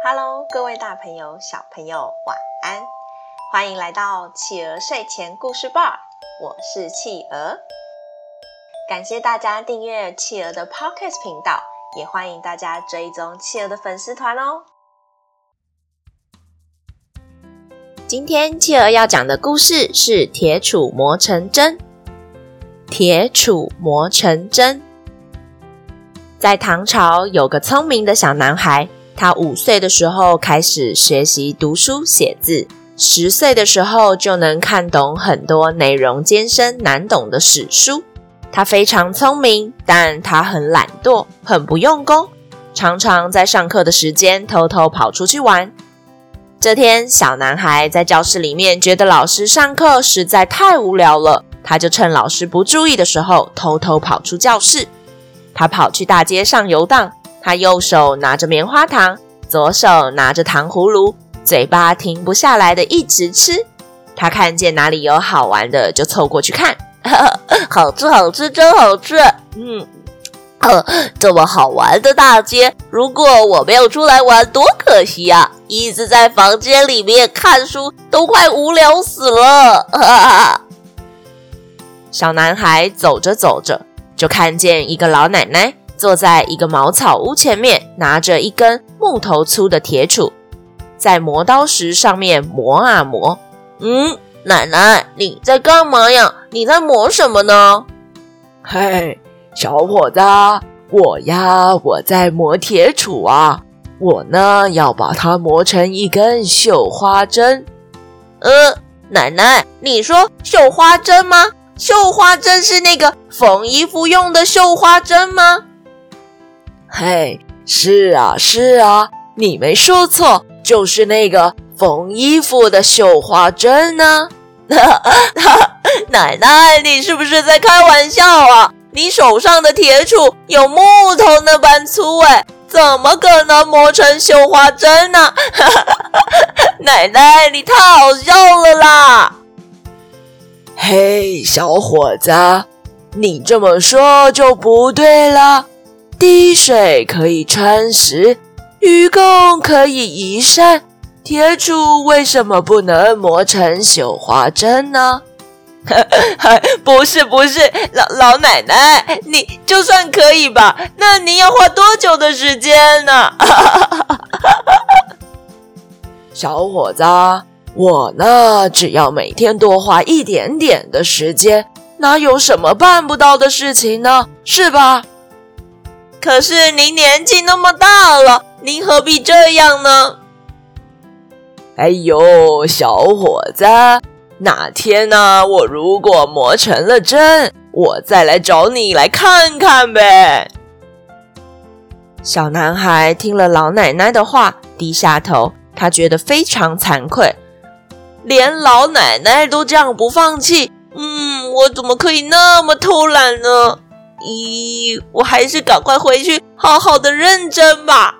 哈嘍，各位大朋友、小朋友，晚安！歡迎來到企鵝睡前故事吧，我是企鵝。感謝大家訂閱企鵝的 Podcast 頻道，也歡迎大家追蹤企鵝的粉絲團哦。今天企鵝要講的故事是《鐵杵磨成針》。鐵杵磨成針，在唐朝有個聰明的小男孩。他五歲的時候開始學習讀書寫字，十歲的時候就能看懂很多內容艱深難懂的史書。他非常聰明，但他很懶惰，很不用功，常常在上課的時間偷偷跑出去玩。這天，小男孩在教室裡面覺得老師上課實在太無聊了，他就趁老師不注意的時候偷偷跑出教室。他跑去大街上遊蕩。他右手拿着棉花糖，左手拿着糖葫蘆，嘴巴停不下來的一直吃。他看見哪裡有好玩的，就湊過去看，呵呵。好吃，好吃，真好吃！嗯，呵，這麼好玩的大街，如果我沒有出來玩，多可惜呀！啊！一直在房間裡面看書，都快無聊死了。呵呵。小男孩走着走着，就看見一個老奶奶，坐在一個茅草屋前面，拿着一根木頭粗的鐵杵，在磨刀石上面磨啊磨。嗯，奶奶，你在幹嘛呀？你在磨什麼呢？嘿，小夥子，我呀，我在磨鐵杵啊。我呢，要把它磨成一根繡花針。呃、嗯，奶奶，你說繡花針嗎？繡花針是那個縫衣服用的繡花針嗎？嘿、hey,，是啊，是啊，你沒說錯，就是那個縫衣服的繡花針呢、啊。 奶奶，你是不是在開玩笑啊？你手上的鐵杵有木頭那般粗誒、欸、怎麼可能磨成繡花針呢、啊？ 奶奶，你太好笑了啦！嘿、hey,，小伙子，你這麼說就不對了。滴水可以穿石，愚公可以移山，鐵杵為什麼不能磨成繡花針呢？ 不是不是，老老奶奶，你就算可以吧，那您要花多久的時間呢？ 小夥子，我呢，只要每天多花一點點的時間，哪有什麼辦不到的事情呢？是吧？可是您年紀那麼大了，您何必這樣呢？哎呦，小伙子，哪天呢，啊？我如果磨成了針，我再來找你來看看唄。小男孩聽了老奶奶的話，低下頭，他覺得非常慚愧，連老奶奶都這樣不放棄，嗯，我怎麼可以那麼偷懶呢？咦， 我還是趕快回去好好的認真吧。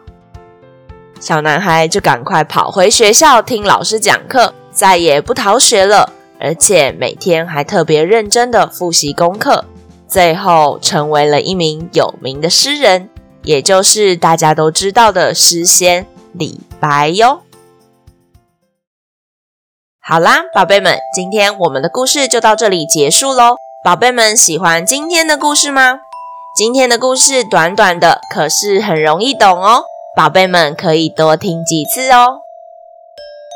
小男孩就趕快跑回學校聽老師講課，再也不逃學了，而且每天還特別認真的複習功課，最後成為了一名有名的詩人，也就是大家都知道的詩仙李白喲。好啦，寶貝們，今天我們的故事就到這裡結束嘍。寶貝們喜歡今天的故事嗎？今天的故事短短的，可是很容易懂哦。寶貝們可以多聽幾次哦。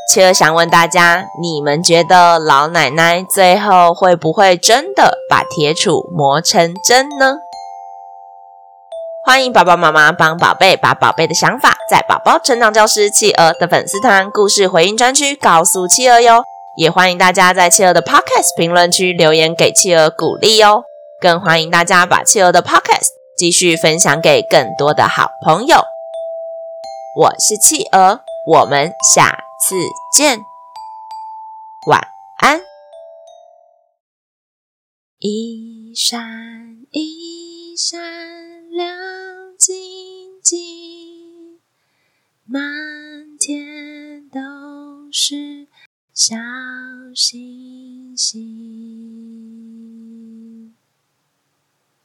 企鵝想問大家，你們覺得老奶奶最後會不會真的把鐵杵磨成針呢？歡迎爸爸媽媽幫寶貝把寶貝的想法，在寶寶成長教室企鵝的粉絲團故事回應專區告訴企鵝喲。也歡迎大家在企鵝的 Podcast 評論區留言給企鵝鼓勵哦，更歡迎大家把企鵝的 Podcast 繼續分享給更多的好朋友。我是企鵝，我們下次見，晚安。一閃一閃亮晶晶，滿天都是。小星星。